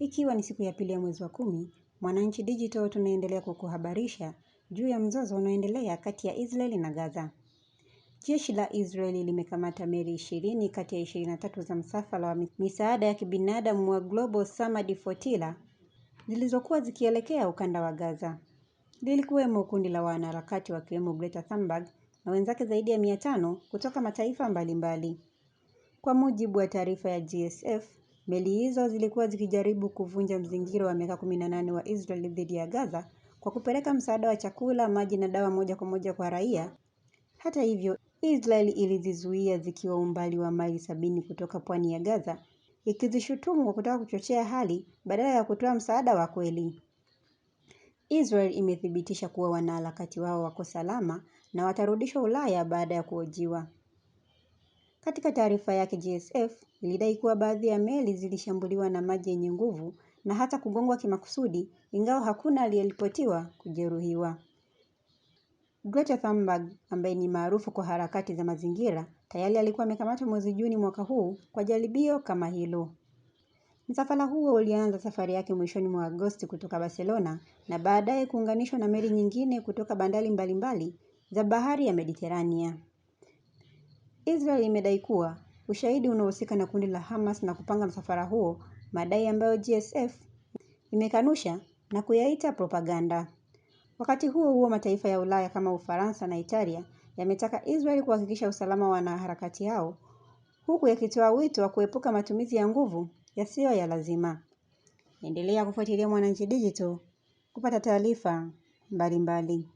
Ikiwa ni siku ya pili ya mwezi wa kumi, Mwananchi Digital tunaendelea kukuhabarisha juu ya mzozo unaoendelea kati ya Israeli na Gaza. Jeshi la Israeli limekamata meli ishirini kati ya ishirini na tatu za msafara wa misaada ya kibinadamu wa Global Samad Flotilla zilizokuwa zikielekea ukanda wa Gaza. Lilikuwemo kundi la wanaharakati wakiwemo Greta Thunberg na wenzake zaidi ya mia tano kutoka mataifa mbalimbali mbali. Kwa mujibu wa taarifa ya GSF, Meli hizo zilikuwa zikijaribu kuvunja mzingiro wa miaka 18 wa Israel dhidi ya Gaza kwa kupeleka msaada wa chakula, maji na dawa moja kwa moja kwa raia. Hata hivyo, Israel ilizizuia zikiwa umbali wa maili sabini kutoka pwani ya Gaza, ikizishutumu kwa kutaka kuchochea hali badala ya kutoa msaada wa kweli. Israel imethibitisha kuwa wanaharakati wao wako salama na watarudishwa Ulaya baada ya kuhojiwa. Katika taarifa yake GSF ilidai kuwa baadhi ya meli zilishambuliwa na maji yenye nguvu na hata kugongwa kimakusudi ingawa hakuna aliyeripotiwa kujeruhiwa. Greta Thunberg ambaye ni maarufu kwa harakati za mazingira tayari alikuwa amekamatwa mwezi Juni mwaka huu kwa jaribio kama hilo. Msafara huo ulianza safari yake mwishoni mwa Agosti kutoka Barcelona na baadaye kuunganishwa na meli nyingine kutoka bandari mbalimbali za bahari ya Mediterania. Israel imedai kuwa ushahidi unahusika na kundi la Hamas na kupanga msafara huo, madai ambayo GSF imekanusha na kuyaita propaganda. Wakati huo huo, mataifa ya Ulaya kama Ufaransa na Italia yametaka Israel kuhakikisha usalama wa wanaharakati hao huku yakitoa wito wa kuepuka matumizi ya nguvu yasiyo ya lazima. Endelea kufuatilia Mwananchi Digital kupata taarifa mbalimbali.